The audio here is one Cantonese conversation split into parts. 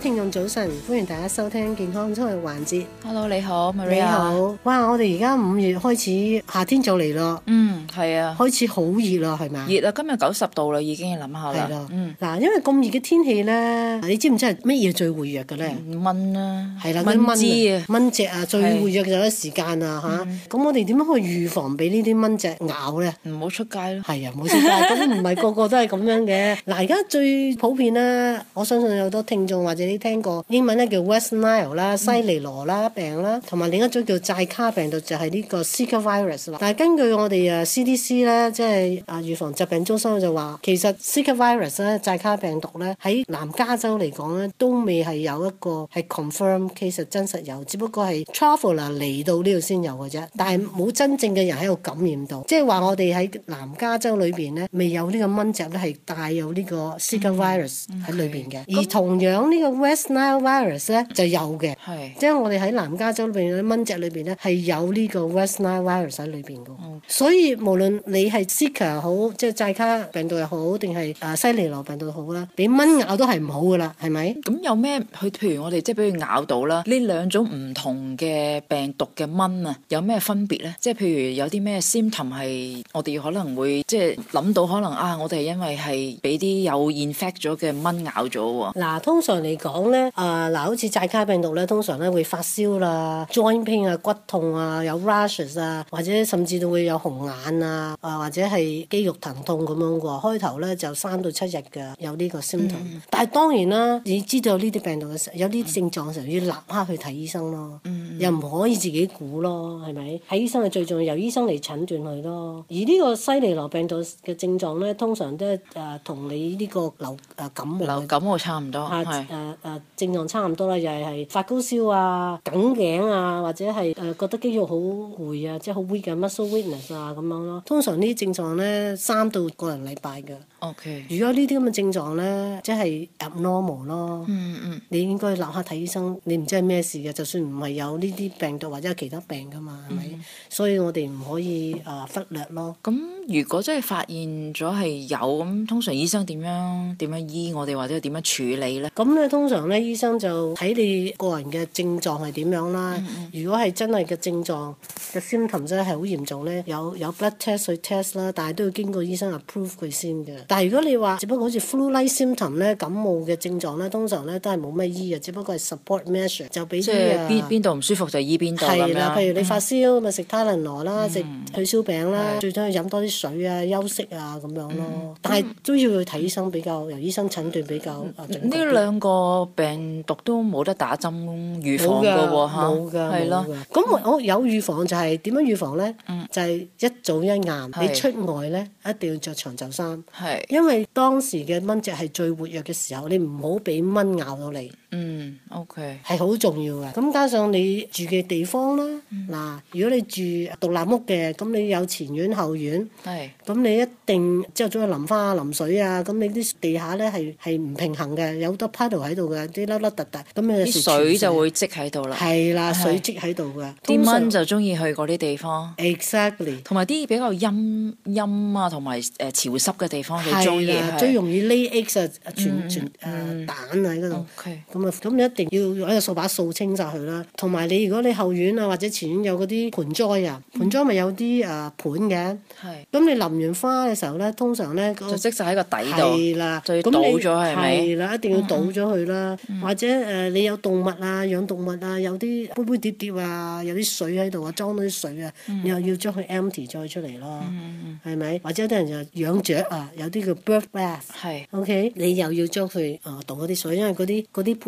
聽眾早晨，歡迎大家收聽健康生活環節。Hello，你好，Maria。你好，哇！我哋而家五月開始，夏天就嚟咯。嗯，係啊，開始好熱咯，係咪？熱啊！今日九十度啦，已經諗下啦。嗯，嗱，因為咁熱嘅天氣咧，你知唔知係乜嘢最活躍嘅咧？蚊啦，係啦，蚊子啊，蚊隻啊，最活躍嘅就係時間啊吓。咁我哋點樣去預防俾呢啲蚊隻咬咧？唔好出街咯。係啊，唔好出街。咁唔係個個都係咁樣嘅。嗱，而家最普遍啦，我相信有多聽眾或者。你聽過英文咧叫 West Nile 啦、西尼羅啦病啦，同埋另一種叫寨卡病毒，就係、是、呢個 Zika virus 啦。但根據我哋啊 CDC 咧，即係啊預防疾病中心就話，其實 Zika virus 咧、寨卡病毒咧，喺南加州嚟講咧，都未係有一個係 confirm 其 a 真實有，只不過係 travel e、er、啦嚟到呢度先有嘅啫。但係冇真正嘅人喺度感染到，即係話我哋喺南加州裏面咧，未有呢個蚊隻咧係帶有呢個 Zika virus 喺裏面嘅。嗯嗯、而同樣呢、嗯這個。West Nile virus 咧就有嘅，即係是我哋喺南加州裏邊啲蚊隻裏邊咧係有呢個 West Nile virus 喺裏邊嘅，嗯、所以無論你係 Zika 好，即係寨卡病毒又好，定係啊西尼羅病毒也好啦，俾蚊咬都係唔好嘅啦，係咪？咁有咩譬如我哋即係俾佢咬，咬到啦，呢兩種唔同嘅病毒嘅蚊啊，有咩分別咧？即係譬如有啲咩 symptom 係我哋可能會即係諗到可能啊，我哋因為係俾啲有 infect 咗嘅蚊咬咗喎。嗱，通常你講咧啊嗱，好似寨卡病毒咧，通常咧會發燒啦、啊、joint pain 啊、骨痛啊、有 rashes 啊，或者甚至到會有紅眼啊，呃、或者係肌肉疼痛咁樣喎。開頭咧就三到七日嘅有呢個 symptom，嗯。 但係當然啦，你知道呢啲病毒嘅時候，有呢啲症狀嘅時候，嗯、要立刻去睇醫生咯，嗯嗯又唔可以自己估咯，係咪？睇醫生係最重要，由醫生嚟診斷佢咯。而呢個西尼羅病毒嘅症狀咧，通常都係誒同你呢個流誒、啊、感流感我差唔多係。啊誒症狀差唔多啦，又係係發高燒啊、梗頸啊，或者係誒、呃、覺得肌肉好攰啊，即係好 weak 嘅 muscle weakness 啊咁樣咯。通常呢啲症狀咧三到個人禮拜嘅。O K。如果呢啲咁嘅症狀咧，即係 abnormal 咯。嗯嗯。你應該立刻睇醫生，你唔知係咩事嘅，就算唔係有呢啲病毒或者係其他病噶嘛，係咪、嗯嗯？所以我哋唔可以誒、呃、忽略咯。咁如果真係發現咗係有咁，通常醫生點樣點樣醫我哋，或者點樣處理咧？咁咧通常咧，醫生就睇你個人嘅症狀係點樣啦。嗯、如果係真係嘅症狀個 symptom 真係好嚴重咧，有有 blood test 水 test 啦，但係都要經過醫生 approve 佢先嘅。但係如果你話、嗯，只不過好似 flu-like symptom 咧，感冒嘅症狀咧，通常咧都係冇乜醫嘅，只不過係 support measure，就俾啲嘢。邊度唔舒服就醫邊度啦。係啦，譬如你發燒，咪食 Tylenol 羅啦，食退燒餅啦，最緊要飲多啲水啊、休息啊咁樣咯。嗯、但係都要去睇醫生比較，由醫生診斷比較。呢兩個。個病毒都冇得打針預防噶喎，冇噶，吓係咯。咁我有預防就係點樣預防咧？嗯、就係一早一晏是你出外咧，一定要着長袖衫，是因為當時嘅蚊隻係最活躍嘅時候，你唔好俾蚊咬到你。嗯，OK，係好重要嘅。咁加上你住嘅地方啦，嗱，如果你住獨立屋嘅，咁你有前院後院，咁你一定之後都要淋花淋水啊。咁你啲地下呢係係唔平衡嘅，有好多 puddle 喺度嘅，啲甩甩突突，咁你啲水就會積喺度啦。係啦，水積喺度㗎。啲蚊就中意去嗰啲地方，exactly。同埋啲比較陰陰啊，同埋潮濕嘅地方，佢中意去。係啊，最容易 lay eggs 啊，存存蛋啊喺嗰度。咁你一定要用一隻掃把掃清晒佢啦。同埋你如果你後院啊或者前院有嗰啲盆栽啊，嗯、盆栽咪有啲誒盤嘅。咁是你淋完花嘅時候呢，通常呢，就積曬喺個底度。係啦。就要倒咗佢。係咪？係啦，一定要倒咗佢啦。嗯嗯或者誒、呃，你有動物啊，養動物啊，有啲杯杯碟，碟碟啊，有啲水喺度啊，裝到啲水啊，嗯、你又要將佢 empty 再出嚟咯。嗯係、嗯、咪？或者有啲人就養雀啊，有啲叫 bird bath 是。係。O K，你又要將佢誒倒嗰啲水，因為嗰啲嗰啲。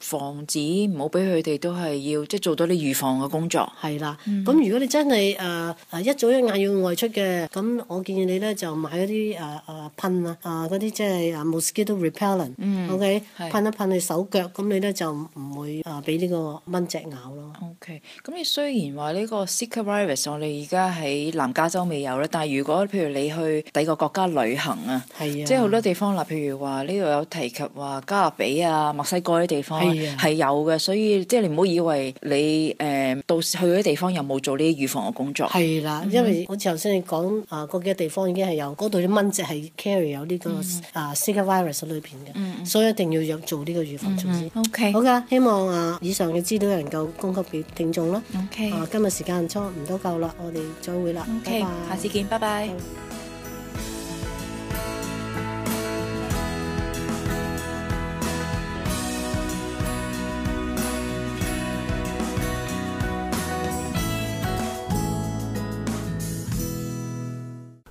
防止唔好俾佢哋都係要即係做多啲預防嘅工作，係啦的。咁、嗯、如果你真係誒誒一早一晏要外出嘅，咁我建議你咧就買嗰啲誒誒噴啊，啊嗰啲即係 mosquito repellent，OK，噴一噴你手腳，咁你咧就唔會誒俾呢個蚊隻咬咯。OK，咁你雖然話呢個 Zika virus 我哋而家喺南加州未有咧，但係如果譬如你去第個國家旅行啊，係啊的，即係好多地方啦，譬如話呢度有提及話加勒比啊、墨西哥啲地方。係、啊、有嘅，所以即係你唔好以為你誒、呃、到時去嗰啲地方有冇做呢啲預防嘅工作係啦，是的嗯、因為好似頭先你講啊，嗰、呃、幾個地方已經係有嗰度啲蚊隻係 carry 有呢、這個、嗯、啊 Zika virus 裏邊嘅，嗯、所以一定要有做呢個預防措施。嗯、o、okay. K 好噶，希望啊、呃、以上嘅資料能夠供給俾聽眾啦。O K 啊，今日時間差唔多夠啦，我哋再會啦。O Okay , K，拜下次見，拜拜。拜拜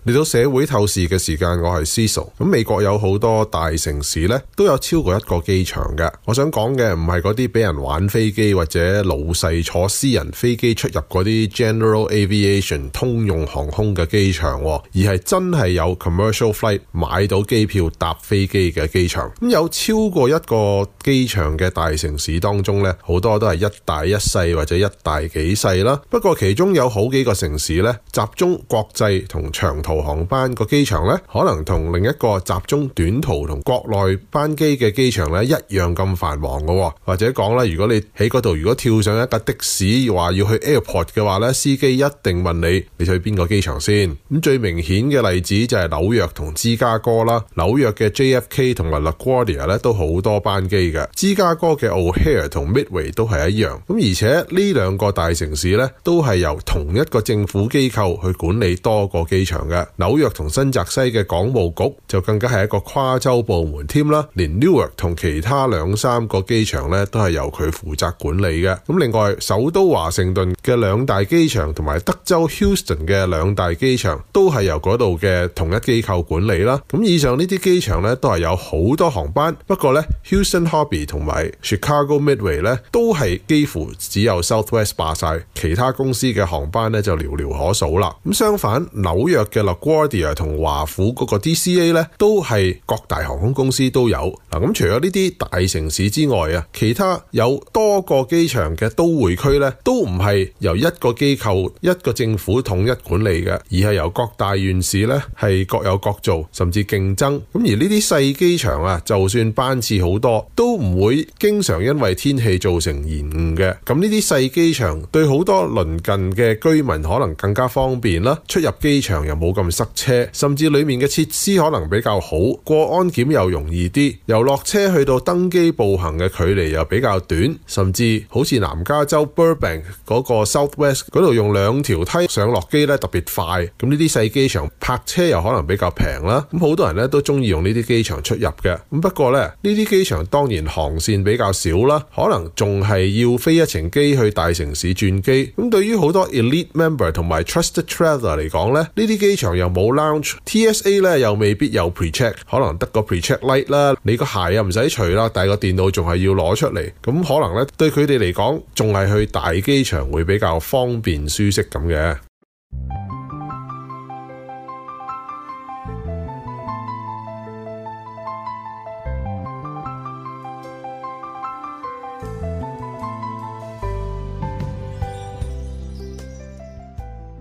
嚟到社會透視嘅時間，我係 Ciso。咁美國有好多大城市呢，都有超過一個機場嘅。我想講嘅唔係嗰啲俾人玩飛機或者老細坐私人飛機出入嗰啲 General Aviation 通用航空嘅機場，而係真係有 Commercial Flight 買到機票搭飛機嘅機場。咁有超過一個機場嘅大城市當中呢，好多都係一大一細或者一大幾細啦。不過其中有好幾個城市呢，集中國際同長途航班個機場咧，可能同另一個集中短途同國內班機嘅機場咧一樣咁繁忙噶、哦，或者講咧，如果你喺嗰度，如果跳上一架的士，話要去 airport 嘅話咧，司機一定問你你去邊個機場先。咁最明顯嘅例子就係紐約同芝加哥啦，紐約嘅 JFK 同埋 Laguardia 咧都好多班機嘅，芝加哥嘅 O’Hare 同 Midway 都係一樣。咁而且呢兩個大城市咧都係由同一個政府機構去管理多個機場嘅。紐約同新澤西嘅港務局就更加係一個跨州部門添啦，連 Newark 同其他兩三個機場咧都係由佢負責管理嘅。咁另外首都華盛頓嘅兩大機場同埋德州 Houston 嘅兩大機場都係由嗰度嘅同一機構管理啦。咁以上呢啲機場咧都係有好多航班，不過咧 Houston Hobby 同埋 Chicago Midway 咧都係幾乎只有 Southwest 霸晒，其他公司嘅航班咧就寥寥可數啦。咁相反紐約嘅 Guardia 同華府嗰個 DCA 咧，都係各大航空公司都有嗱。咁除咗呢啲大城市之外啊，其他有多個機場嘅都會區咧，都唔係由一個機構、一個政府統一管理嘅，而係由各大縣市咧係各有各做，甚至競爭。咁而呢啲細機場啊，就算班次好多，都唔會經常因為天氣造成延誤嘅。咁呢啲細機場對好多鄰近嘅居民可能更加方便啦，出入機場又冇咁塞車，甚至裏面嘅設施可能比較好，過安檢又容易啲，由落車去到登機步行嘅距離又比較短，甚至好似南加州 Burbank 嗰個 Southwest 嗰度用兩條梯上落機咧特別快。咁呢啲細機場泊車又可能比較平啦，咁好多人咧都中意用呢啲機場出入嘅。咁不過咧，呢啲機場當然航線比較少啦，可能仲係要飛一程機去大城市轉機。咁對於好多 Elite Member 同埋 Trusted Traveler 嚟講咧，呢啲機場。又冇 lounge，TSA 咧又未必有 pre-check，可能得個 pre-check light 啦。你個鞋又唔使除啦，但係個電腦仲係要攞出嚟。咁可能咧，對佢哋嚟講，仲係去大機場會比較方便舒適咁嘅。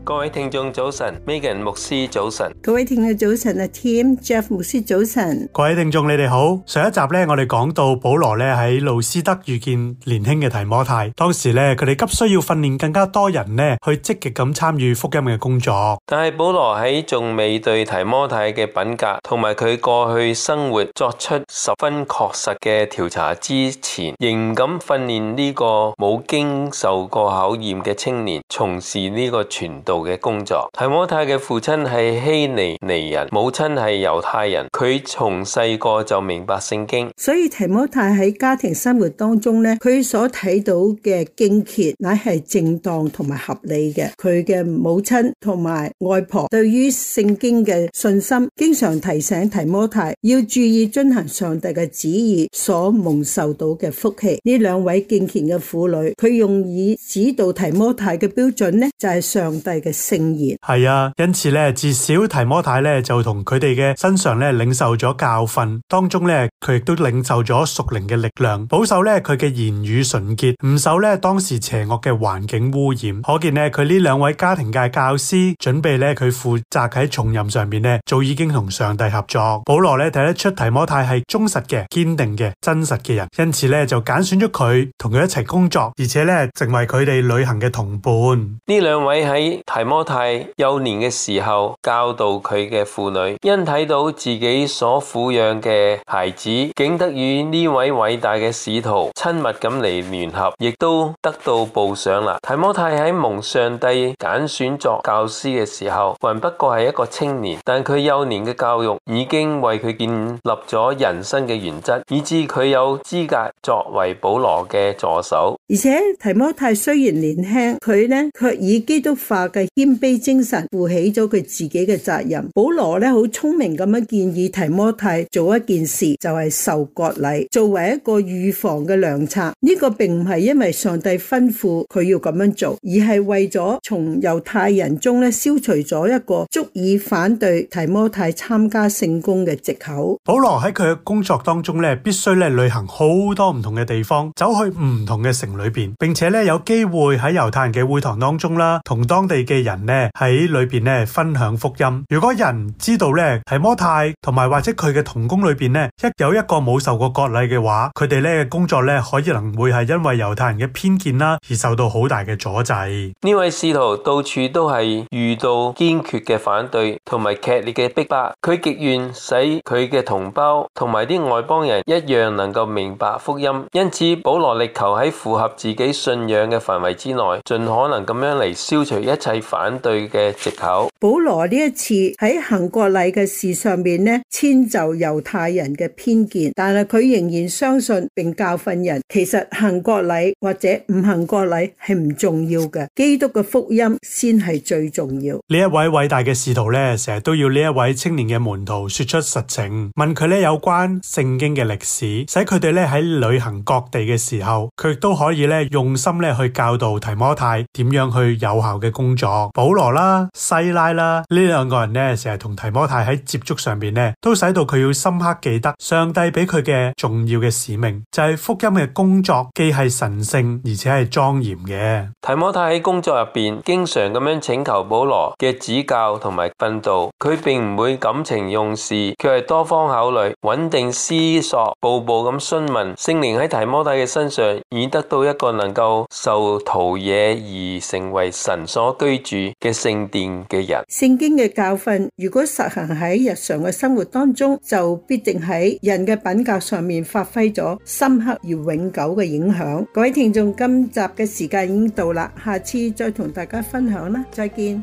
各位聽眾早晨，Megan 牧師早晨，各位聽眾早晨啊，Tim、Jeff 牧師早晨，各位聽眾你哋好。上一集咧，我哋講到保羅咧喺路斯德遇見年輕嘅提摩太，當時咧佢哋急需要訓練更加多人咧去積極咁參與福音嘅工作，但係保羅喺仲未對提摩太嘅品格同埋佢過去生活作出十分確實嘅調查之前，仍不敢訓練呢個冇經受過考驗嘅青年從事呢個傳道嘅工作，提摩太嘅父親係希尼尼人，母親係猶太人。佢從細個就明白聖經，所以提摩太喺家庭生活當中咧，佢所睇到嘅敬虔乃係正當同埋合理嘅。佢嘅母親同埋外婆對於聖經嘅信心，經常提醒提摩太要注意遵行上帝嘅旨意所蒙受到嘅福氣。呢兩位敬虔嘅婦女，佢用以指導提摩太嘅標準咧，就係上帝。嘅係啊，因此咧，至少提摩太咧就同佢哋嘅身上咧領受咗教訓，當中咧佢亦都領受咗屬靈嘅力量，保守咧佢嘅言語純潔，唔受咧當時邪惡嘅環境污染。可見呢，佢呢兩位家庭界教師，準備咧佢負責喺重任上面咧，早已經同上帝合作。保羅咧睇得出提摩太係忠實嘅、堅定嘅、真實嘅人，因此咧就揀選咗佢同佢一齊工作，而且咧成為佢哋旅行嘅同伴。呢兩位喺提摩太幼年嘅時候教導佢嘅婦女，因睇到自己所撫養嘅孩子，竟得與呢位偉大嘅使徒親密咁嚟聯合，亦都得到報賞啦。提摩太喺蒙上帝揀選，選，選作教師嘅時候，還不過係一個青年，但佢幼年嘅教育已經為佢建立咗人生嘅原則，以致佢有資格作為保羅嘅助手。而且提摩太雖然年輕，佢咧卻以基督化嘅。謙卑精神負起咗佢自己嘅責任。保羅咧好聰明咁樣建議提摩太做一件事，就係、是、受割禮，作為一個預防嘅良策。呢、這個並唔係因為上帝吩咐佢要咁樣做，而係為咗從猶太人中咧消除咗一個足以反對提摩太參加聖工嘅借口保羅喺佢嘅工作當中咧，必須咧旅行好多唔同嘅地方，走去唔同嘅城裏邊，並且咧有機會喺猶太人嘅會堂當中啦，同當地嘅。嘅人咧喺裏邊咧分享福音。如果人知道咧係摩太同埋或者佢嘅同工裏邊咧一有一個冇受過割禮嘅話，佢哋咧嘅工作咧可以能會係因為猶太人嘅偏見啦而受到好大嘅阻滯。呢位使徒到處都係遇到堅決嘅反對同埋劇烈嘅逼迫，佢極願使佢嘅同胞同埋啲外邦人一樣能夠明白福音。因此保羅力求喺符合自己信仰嘅範圍之內，盡可能咁樣嚟消除一切。反對嘅藉口。保羅呢一次喺行國禮嘅事上面咧，遷就猶太人嘅偏見，但係佢仍然相信並教訓人。其實行國禮或者唔行國禮係唔重要嘅，基督嘅福音先係最重要。呢一位偉大嘅使徒呢，成日都要呢一位青年嘅門徒說出實情，問佢呢有關聖經嘅歷史，使佢哋呢喺旅行各地嘅時候，佢都可以呢用心呢去教導提摩太點樣去有效嘅工作。保羅啦、西拉啦，呢兩個人咧，成日同提摩太喺接觸上邊咧，都使到佢要深刻記得上帝俾佢嘅重要嘅使命，就係福音嘅工作既係神聖而且係莊嚴嘅。提摩太喺工作入邊，經常咁樣請求保羅嘅指教同埋訓導，佢並唔會感情用事，佢係多方考慮、穩定思索、步步咁詢問，聖靈喺提摩太嘅身上已得到一個能夠受陶冶而成為神所居住嘅聖殿嘅人，聖經嘅教訓如果實行喺日常嘅生活當中，就必定喺人嘅品格上面發揮咗深刻而永久嘅影響。各位聽眾，今集嘅時間已經到啦，下次再同大家分享啦，再見。